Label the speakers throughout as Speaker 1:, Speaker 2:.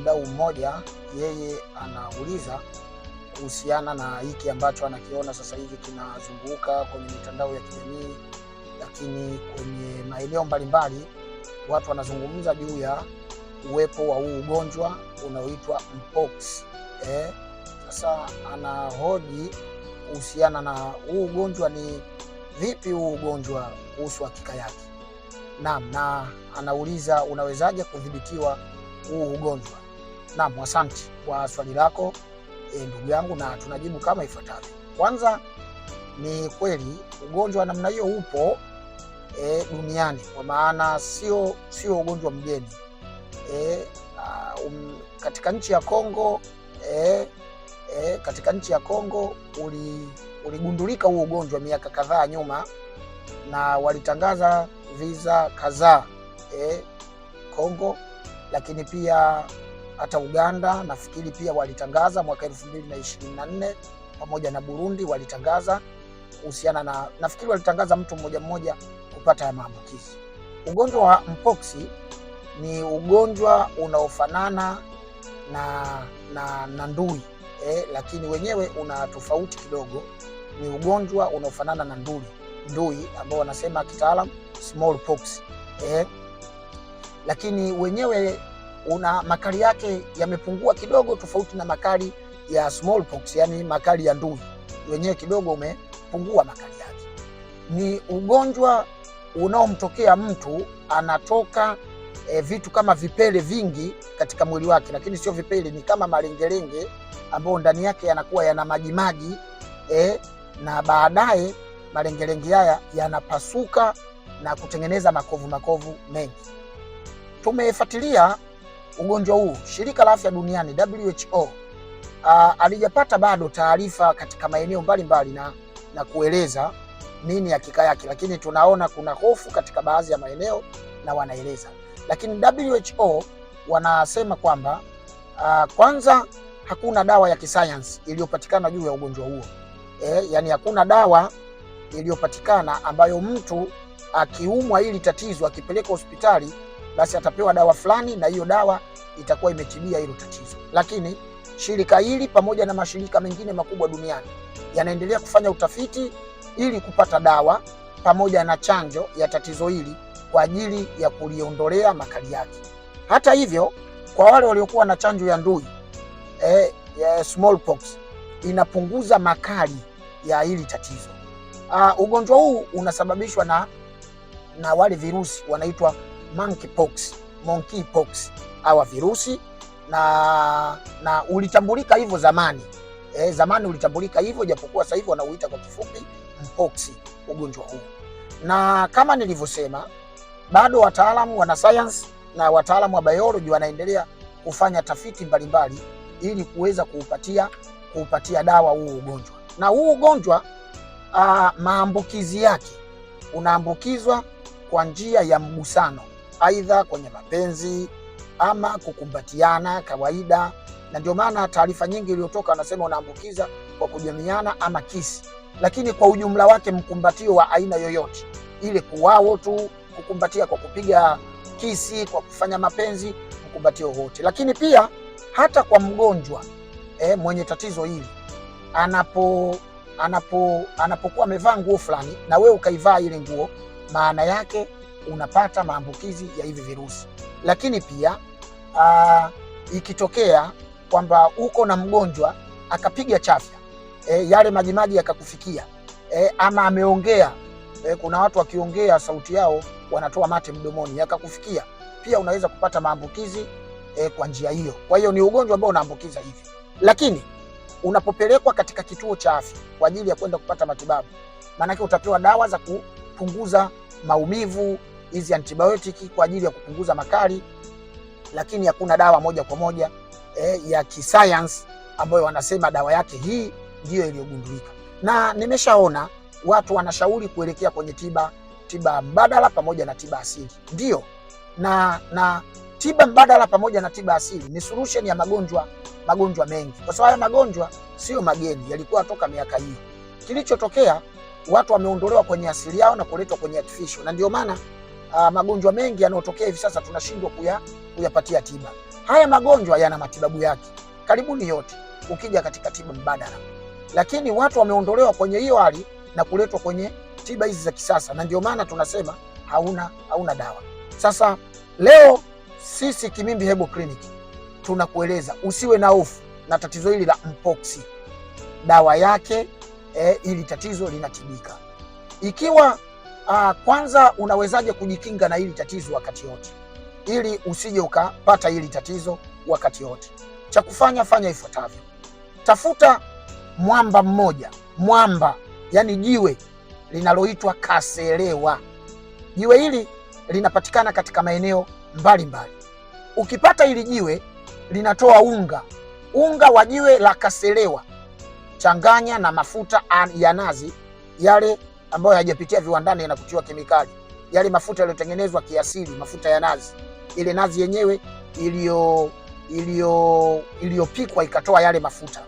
Speaker 1: mdau mmoja, yeye anauliza kuhusiana na hiki ambacho anakiona sasa hivi kinazunguka kwenye mitandao ya kijamii, lakini kwenye maeneo mbalimbali watu wanazungumza juu ya uwepo wa huu ugonjwa unaoitwa mpox. Eh, sasa anahoji kuhusiana na huu ugonjwa ni vipi huu ugonjwa kuhusu hakika yake. Naam, na anauliza unawezaje kudhibitiwa huu ugonjwa. Naam, asante kwa swali lako e, ndugu yangu, na tunajibu kama ifuatavyo. Kwanza ni kweli ugonjwa wa namna hiyo upo e, duniani kwa maana sio sio ugonjwa mgeni e, um, katika nchi ya Kongo e, e, katika nchi ya Kongo uligundulika huo ugonjwa miaka kadhaa nyuma, na walitangaza visa kadhaa e, Kongo, lakini pia hata Uganda nafikiri pia walitangaza mwaka 2024 pamoja na Burundi walitangaza kuhusiana na, nafikiri walitangaza mtu mmoja mmoja kupata ya maambukizi. Ugonjwa wa mpox ni ugonjwa unaofanana na, na, na ndui eh, lakini wenyewe una tofauti kidogo. Ni ugonjwa unaofanana na ndui ndui ambao wanasema kitaalam smallpox eh, lakini wenyewe una makali yake yamepungua kidogo, tofauti na makali ya smallpox, yani makali ya ndui wenyewe kidogo umepungua makali yake. Ni ugonjwa unaomtokea mtu anatoka e, vitu kama vipele vingi katika mwili wake, lakini sio vipele, ni kama malengelenge ambayo ndani yake yanakuwa yana majimaji e, na baadaye malengelenge haya yanapasuka na kutengeneza makovu makovu mengi. Tumefuatilia ugonjwa huu, shirika la afya duniani WHO ah, alijapata bado taarifa katika maeneo mbalimbali na, na kueleza nini hakika yake, lakini tunaona kuna hofu katika baadhi ya maeneo na wanaeleza, lakini WHO wanasema kwamba uh, kwanza hakuna dawa ya kisayansi iliyopatikana juu ya ugonjwa huo eh, yani hakuna dawa iliyopatikana ambayo mtu akiumwa ili tatizo akipeleka hospitali basi atapewa dawa fulani, na hiyo dawa itakuwa imetibia hilo tatizo. Lakini shirika hili pamoja na mashirika mengine makubwa duniani yanaendelea kufanya utafiti ili kupata dawa pamoja na chanjo ya tatizo hili kwa ajili ya kuliondolea makali yake. Hata hivyo, kwa wale waliokuwa na chanjo ya ndui eh, ya smallpox inapunguza makali ya hili tatizo. Uh, ugonjwa huu unasababishwa na, na wale virusi wanaitwa monkeypox, monkeypox hawa virusi na, na ulitambulika hivyo zamani e, zamani ulitambulika hivyo japokuwa sasa hivi wanauita kwa kifupi mpox ugonjwa huu, na kama nilivyosema, bado wataalamu wana science na wataalamu wa biology wanaendelea kufanya tafiti mbalimbali ili kuweza kuupatia kuupatia dawa huu ugonjwa. Na huu ugonjwa ah, maambukizi yake unaambukizwa kwa njia ya mgusano, aidha kwenye mapenzi ama kukumbatiana kawaida, na ndio maana taarifa nyingi iliyotoka wanasema unaambukiza kwa kujamiana ama kisi, lakini kwa ujumla wake mkumbatio wa aina yoyote ile, kuwao tu, kukumbatia kwa kupiga kisi, kwa kufanya mapenzi, mkumbatio wote. Lakini pia hata kwa mgonjwa eh, mwenye tatizo hili anapo anapo anapokuwa amevaa nguo fulani na wewe ukaivaa ile nguo, maana yake unapata maambukizi ya hivi virusi. Lakini pia uh, ikitokea kwamba uko na mgonjwa akapiga chafya e, yale majimaji yakakufikia e, ama ameongea e, kuna watu wakiongea sauti yao wanatoa mate mdomoni yakakufikia, pia unaweza kupata maambukizi e, kwa njia hiyo. Kwa hiyo ni ugonjwa ambao unaambukiza hivi, lakini unapopelekwa katika kituo cha afya kwa ajili ya kwenda kupata matibabu, maanake utapewa dawa za kupunguza maumivu hizi antibiotic kwa ajili ya kupunguza makali, lakini hakuna dawa moja kwa moja eh, ya kisayansi ambayo wanasema dawa yake hii ndiyo iliyogundulika, na nimeshaona watu wanashauri kuelekea kwenye tiba tiba mbadala pamoja na tiba asili. ndio na na tiba mbadala pamoja na tiba asili ni solution ya magonjwa magonjwa mengi, kwa sababu haya magonjwa sio mageni, yalikuwa toka miaka hii. Kilichotokea watu wameondolewa kwenye asili yao na kuletwa kwenye artificial, na ndio maana uh, magonjwa mengi yanayotokea hivi sasa tunashindwa kuya, kuyapatia tiba. Haya magonjwa yana matibabu yake karibuni yote, ukija katika tiba mbadala, lakini watu wameondolewa kwenye hiyo hali na kuletwa kwenye tiba hizi za kisasa, na ndio maana tunasema hauna, hauna dawa. Sasa leo sisi Kimimbi Herbal Clinic tunakueleza usiwe na hofu na tatizo hili la mpox, dawa yake eh, ili tatizo linatibika ikiwa Uh, kwanza unawezaje kujikinga na hili tatizo wakati wote, ili usije ukapata hili tatizo wakati wote? Cha kufanya fanya ifuatavyo: tafuta mwamba mmoja, mwamba yani jiwe linaloitwa kaselewa. Jiwe hili linapatikana katika maeneo mbalimbali. Ukipata hili jiwe, linatoa unga, unga wa jiwe la kaselewa. Changanya na mafuta ya nazi yale ambayo hayajapitia viwandani na kutiwa kemikali. Yale mafuta yaliyotengenezwa kiasili, mafuta ya nazi, ile nazi yenyewe iliyo iliyo iliyopikwa ikatoa yale mafuta.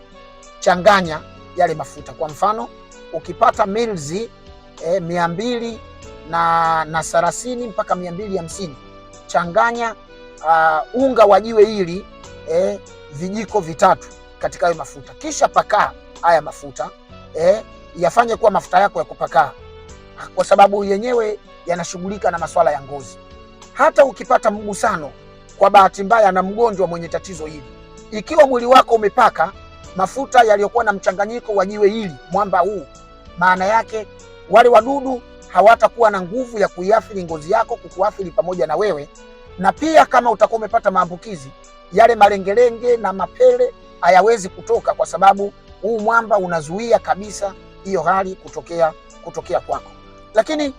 Speaker 1: Changanya yale mafuta. Kwa mfano, ukipata milzi eh, mia mbili na na thelathini mpaka mia mbili hamsini changanya uh, unga wa jiwe hili eh, vijiko vitatu katika hayo mafuta, kisha pakaa haya mafuta eh, yafanye kuwa mafuta yako ya kupakaa, kwa sababu yenyewe yanashughulika na masuala ya ngozi. Hata ukipata mgusano kwa bahati mbaya na mgonjwa mwenye tatizo hili, ikiwa mwili wako umepaka mafuta yaliyokuwa na mchanganyiko wa jiwe hili, mwamba huu, maana yake wale wadudu hawatakuwa na nguvu ya kuiathiri ngozi yako, kukuathiri pamoja na wewe. Na pia kama utakuwa umepata maambukizi yale, malengelenge na mapele hayawezi kutoka, kwa sababu huu mwamba unazuia kabisa hiyo hali kutokea, kutokea kwako. Lakini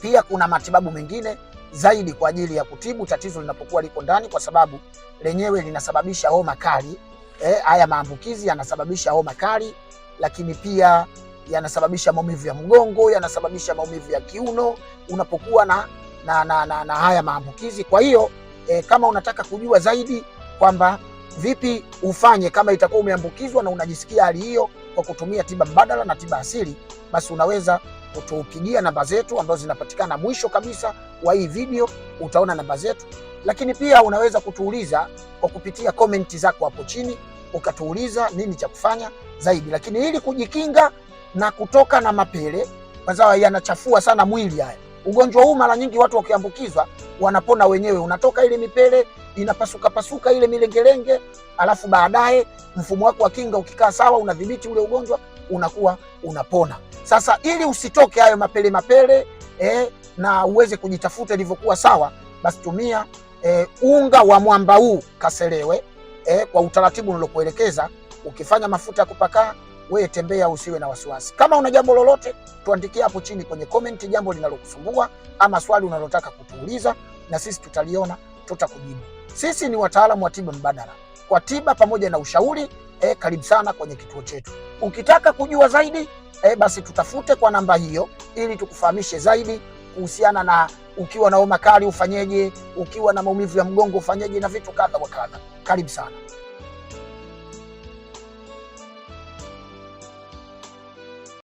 Speaker 1: pia kuna matibabu mengine zaidi kwa ajili ya kutibu tatizo linapokuwa liko ndani, kwa sababu lenyewe linasababisha homa kali. Eh, haya maambukizi yanasababisha homa kali, lakini pia yanasababisha maumivu ya mgongo, yanasababisha maumivu ya kiuno unapokuwa na, na, na, na, na haya maambukizi. Kwa hiyo eh, kama unataka kujua zaidi kwamba vipi ufanye kama itakuwa umeambukizwa na unajisikia hali hiyo kwa kutumia tiba mbadala na tiba asili, basi unaweza kutupigia namba zetu ambazo zinapatikana mwisho kabisa wa hii video, utaona namba zetu. Lakini pia unaweza kutuuliza kwa kupitia komenti zako hapo chini, ukatuuliza nini cha kufanya zaidi. Lakini ili kujikinga na kutoka na mapele mazao yanachafua sana mwili haya. Ugonjwa huu mara nyingi watu wakiambukizwa wanapona wenyewe, unatoka ile mipele inapasuka pasuka ile milengelenge, alafu baadaye mfumo wako wa kinga ukikaa sawa, unadhibiti ule ugonjwa, unakuwa unapona. Sasa ili usitoke hayo mapele mapele eh, na uweze kujitafuta ilivyokuwa sawa, basi tumia eh, unga wa mwamba huu kaselewe eh, kwa utaratibu nilokuelekeza. Ukifanya mafuta ya kupakaa wewe tembea, usiwe na wasiwasi. Kama una jambo lolote, tuandikie hapo chini kwenye komenti, jambo linalokusumbua ama swali unalotaka kutuuliza, na sisi tutaliona, tutakujibu. Sisi ni wataalamu wa tiba mbadala kwa tiba pamoja na ushauri e, karibu sana kwenye kituo chetu. Ukitaka kujua zaidi e, basi tutafute kwa namba hiyo ili tukufahamishe zaidi kuhusiana na ukiwa na homa kali ufanyeje, ukiwa na maumivu ya mgongo ufanyeje na vitu kadha wa kadha. Karibu sana.